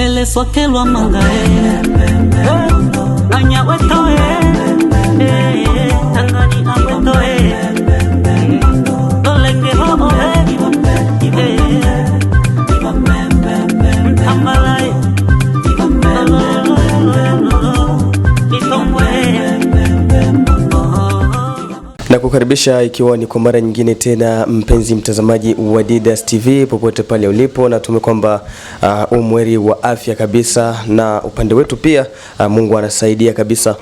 eleswakelwa manga eh, eh, eh. anyawetoe tangani awetoe kukaribisha ikiwa ni kwa mara nyingine tena, mpenzi mtazamaji wa Didas TV popote pale ulipo, tume kwamba uh, umweri wa afya kabisa, na upande wetu pia uh, Mungu anasaidia kabisa,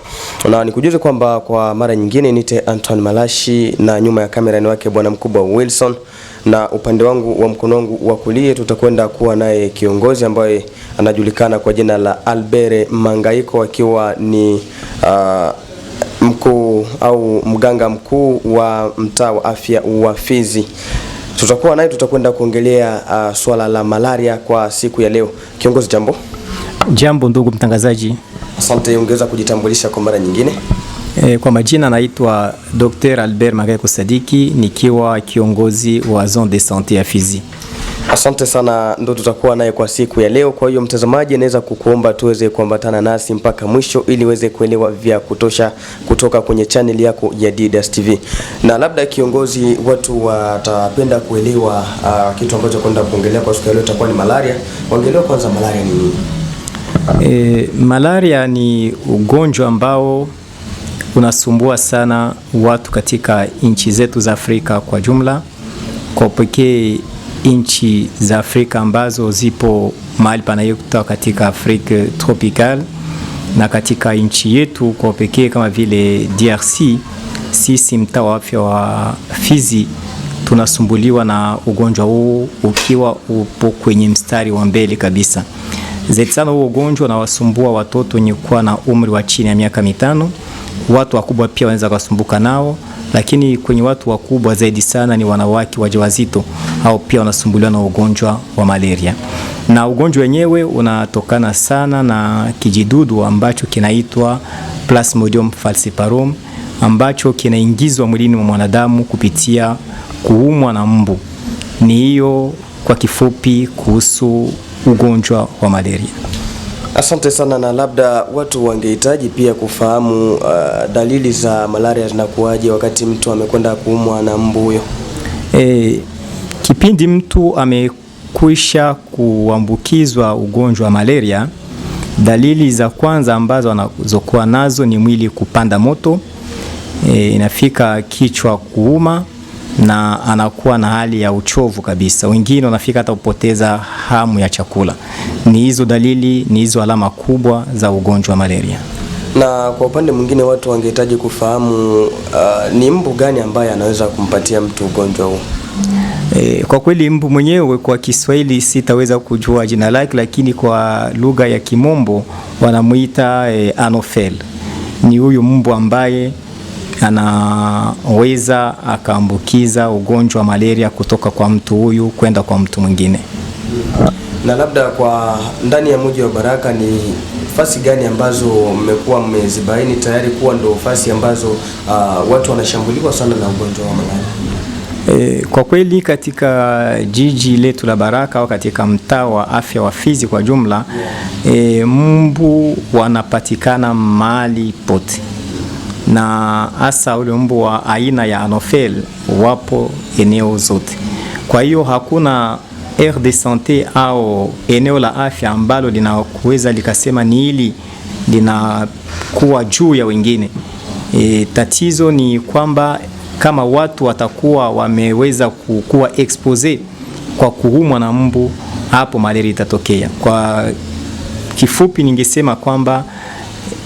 na nikujuze kwamba kwa mara nyingine nite Antoine Malashi na nyuma ya kamera ni wake bwana mkubwa Wilson na upande wangu wa mkono wangu wa kulia tutakwenda kuwa naye kiongozi ambaye anajulikana kwa jina la Albert Mangaiko akiwa ni uh, mkuu au mganga mkuu wa mtaa wa afya wa Fizi. Tutakuwa naye, tutakwenda kuongelea uh, swala la malaria kwa siku ya leo. Kiongozi, jambo. Jambo ndugu mtangazaji. Asante, ungeweza kujitambulisha kwa mara nyingine? E, kwa majina naitwa Dr. Albert Magaiko Sadiki nikiwa kiongozi wa zone de sante ya Fizi. Asante sana, ndo tutakuwa naye kwa siku ya leo. Kwa hiyo mtazamaji, anaweza kukuomba tuweze kuambatana nasi mpaka mwisho ili uweze kuelewa vya kutosha kutoka kwenye chaneli yako ya Didas TV. Na labda kiongozi, watu watapenda kuelewa uh, kitu ambacho kwenda kuongelea kwa siku ya leo itakuwa ni malaria. Ongelea kwanza malaria ni nini? E, malaria ni ugonjwa ambao unasumbua sana watu katika nchi zetu za Afrika kwa jumla, kwa pekee nchi za Afrika ambazo zipo mahali panayokuta katika Afrika tropical na katika nchi yetu kwa pekee kama vile DRC, sisi mtaa wa afya wa Fizi tunasumbuliwa na ugonjwa huu ukiwa upo kwenye mstari wa mbele kabisa. Zaidi sana huu ugonjwa unawasumbua watoto wenye kuwa na umri wa chini ya miaka mitano watu wakubwa pia wanaweza kusumbuka nao, lakini kwenye watu wakubwa zaidi sana ni wanawake wajawazito, au pia wanasumbuliwa na ugonjwa wa malaria, na ugonjwa wenyewe unatokana sana na kijidudu ambacho kinaitwa Plasmodium falciparum ambacho kinaingizwa mwilini mwa mwanadamu kupitia kuumwa na mbu. Ni hiyo kwa kifupi kuhusu ugonjwa wa malaria. Asante sana, na labda watu wangehitaji pia kufahamu uh, dalili za malaria zinakuwaje wakati mtu amekwenda kuumwa na mbu huyo. E, eh, kipindi mtu amekwisha kuambukizwa ugonjwa wa malaria, dalili za kwanza ambazo anazokuwa nazo ni mwili kupanda moto, e, inafika kichwa kuuma na anakuwa na hali ya uchovu kabisa. Wengine wanafika hata kupoteza hamu ya chakula. Ni hizo dalili, ni hizo alama kubwa za ugonjwa wa malaria. Na kwa upande mwingine, watu wangehitaji kufahamu uh, ni mbu gani ambaye anaweza kumpatia mtu ugonjwa huu? E, kwa kweli mbu mwenyewe kwa Kiswahili sitaweza kujua jina lake, lakini kwa lugha ya Kimombo wanamuita e, anofel. Ni huyu mbu ambaye anaweza akaambukiza ugonjwa wa malaria kutoka kwa mtu huyu kwenda kwa mtu mwingine. Na labda kwa ndani ya mji wa Baraka ni fasi gani ambazo mmekuwa mmezibaini tayari kuwa ndo fasi ambazo uh, watu wanashambuliwa sana na ugonjwa wa malaria? E, kwa kweli katika jiji letu la Baraka au katika mtaa wa afya wa Fizi kwa jumla, E, mbu wanapatikana mahali pote na hasa ule mbu wa aina ya anofel wapo eneo zote. Kwa hiyo hakuna aire de sante au eneo la afya ambalo linaweza likasema ni hili linakuwa juu ya wengine. E, tatizo ni kwamba kama watu watakuwa wameweza kukuwa expose kwa kuumwa na mbu, hapo malaria itatokea. Kwa kifupi, ningesema kwamba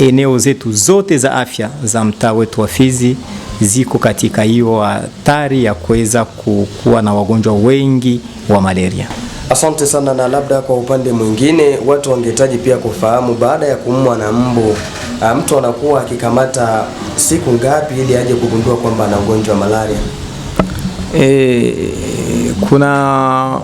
eneo zetu zote za afya za mtaa wetu wa Fizi ziko katika hiyo hatari ya kuweza kuwa na wagonjwa wengi wa malaria. Asante sana. Na labda kwa upande mwingine, watu wangehitaji pia kufahamu baada ya kuumwa na mbu ah, mtu anakuwa akikamata siku ngapi ili aje kugundua kwamba ana ugonjwa wa malaria? E, kuna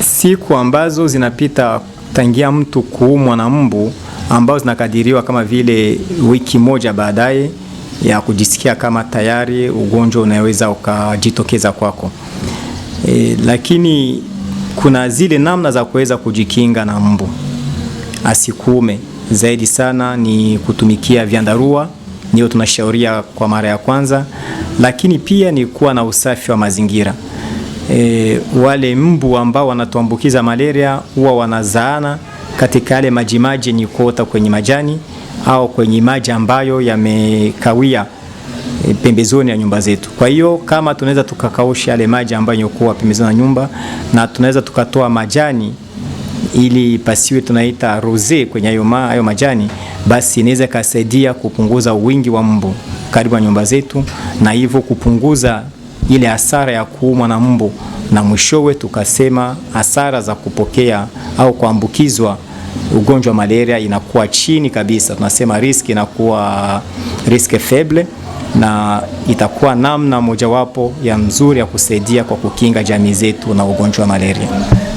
siku ambazo zinapita tangia mtu kuumwa na mbu ambao zinakadiriwa kama vile wiki moja baadaye ya kujisikia kama tayari ugonjwa unaweza ukajitokeza kwako. E, lakini kuna zile namna za kuweza kujikinga na mbu asikuume zaidi sana ni kutumikia vyandarua, ndio tunashauria kwa mara ya kwanza, lakini pia ni kuwa na usafi wa mazingira. E, wale mbu ambao wanatuambukiza malaria huwa wanazaana katika yale majimaji ni kuota kwenye majani au kwenye maji ambayo yamekawia e, pembezoni ya nyumba zetu. Kwa hiyo kama tunaweza tukakausha yale maji ambayo yokuwa pembezoni ya nyumba na tunaweza tukatoa majani ili pasiwe tunaita rose kwenye hayo hayo majani, basi inaweza kasaidia kupunguza wingi wa mbu karibu na nyumba zetu, na hivyo kupunguza ile hasara ya kuumwa na mbu, na mwishowe tukasema hasara za kupokea au kuambukizwa ugonjwa wa malaria inakuwa chini kabisa, tunasema risk inakuwa risk feble, na itakuwa namna mojawapo ya mzuri ya kusaidia kwa kukinga jamii zetu na ugonjwa wa malaria.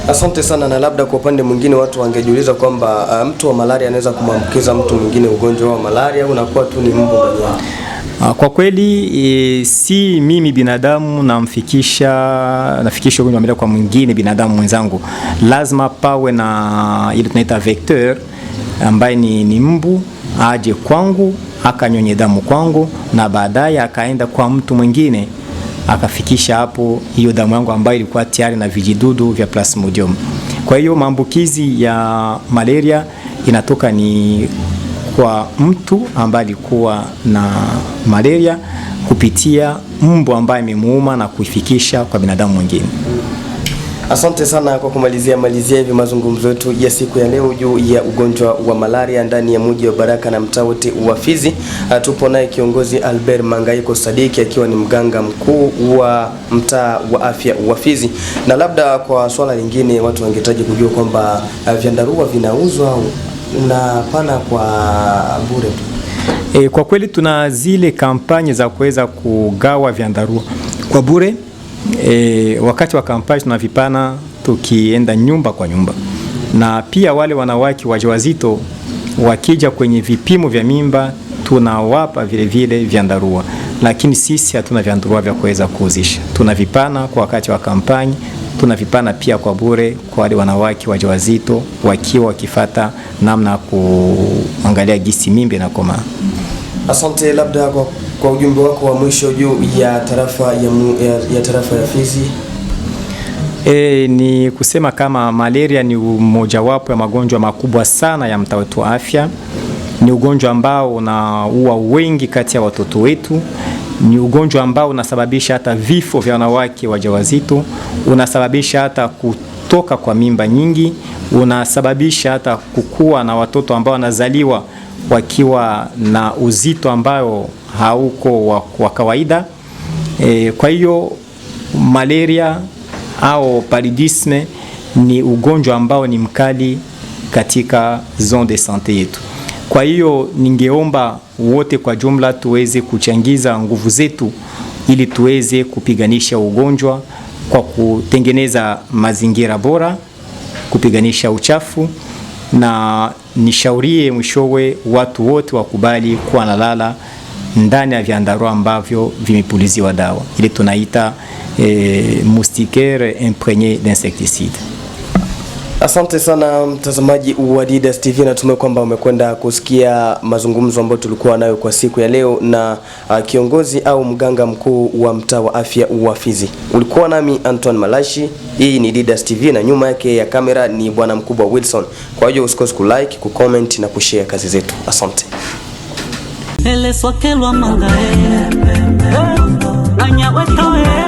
Asante sana. Na labda kwa upande mwingine, watu wangejiuliza kwamba uh, mtu wa malaria anaweza kumwambukiza mtu mwingine ugonjwa wa malaria, unakuwa tu ni mbu Ah, kwa kweli e, si mimi binadamu namfikisha nafikisha ugonjwa wa malaria kwa mwingine binadamu mwenzangu, lazima pawe na ile tunaita vector ambaye ni, ni mbu aje kwangu akanyonye damu kwangu na baadaye akaenda kwa mtu mwingine akafikisha hapo hiyo damu yangu ambayo ilikuwa tayari na vijidudu vya plasmodium. Kwa hiyo maambukizi ya malaria inatoka ni kwa mtu ambaye alikuwa na malaria kupitia mbu ambaye amemuuma na kuifikisha kwa binadamu mwingine. Asante sana kwa kumalizia malizia hivi mazungumzo yetu ya siku ya leo juu ya ugonjwa wa malaria ndani ya mji wa Baraka na mtaa wote wa Fizi. Ah, tupo naye kiongozi Albert Mangaiko Sadiki akiwa ni mganga mkuu wa mtaa wa afya wa Fizi. Na labda kwa swala lingine, watu wangehitaji kujua kwamba ah, vyandarua vinauzwa na pana kwa bure tu. E, kwa kweli tuna zile kampanye za kuweza kugawa vyandarua kwa bure. E, wakati wa kampani tunavipana tukienda nyumba kwa nyumba, na pia wale wanawake wajawazito wakija kwenye vipimo vya mimba tunawapa vile vile vyandarua, lakini sisi hatuna vyandarua vya kuweza kuuzisha, tunavipana kwa wakati wa kampani Tuna vipana pia kwa bure kwa wale wanawake wajawazito wakiwa wakifata namna kuangalia gisi mimbe na koma. Asante, labda kwa, kwa ujumbe wako wa mwisho juu ya tarafa ya, ya, ya tarafa ya Fizi. E, ni kusema kama malaria ni mojawapo ya magonjwa makubwa sana ya mtaa wetu wa afya. Ni ugonjwa ambao unaua wengi kati ya watoto wetu ni ugonjwa ambao unasababisha hata vifo vya wanawake wajawazito, unasababisha hata kutoka kwa mimba nyingi, unasababisha hata kukua na watoto ambao wanazaliwa wakiwa na uzito ambao hauko wa, wa kawaida. E, kwa hiyo malaria au paludisme ni ugonjwa ambao ni mkali katika zone de sante yetu. Kwa hiyo ningeomba wote kwa jumla tuweze kuchangiza nguvu zetu ili tuweze kupiganisha ugonjwa kwa kutengeneza mazingira bora, kupiganisha uchafu na nishaurie mwishowe watu wote wakubali kuwa nalala ndani ya vyandarua ambavyo vimepuliziwa dawa ile tunaita eh, moustiquaire imprégné d'insecticide. Asante sana mtazamaji wa Didas TV, natumai kwamba umekwenda kusikia mazungumzo ambayo tulikuwa nayo kwa siku ya leo na uh, kiongozi au mganga mkuu wa mtaa wa afya wa Fizi. Ulikuwa nami anton Malashi, hii ni Didas TV na nyuma yake ya kamera ni bwana mkubwa Wilson. Kwa hiyo usikose kulike, comment na kushare kazi zetu. Asante. Ele sokelwa mangae, eh, eh, eh. anya wetoe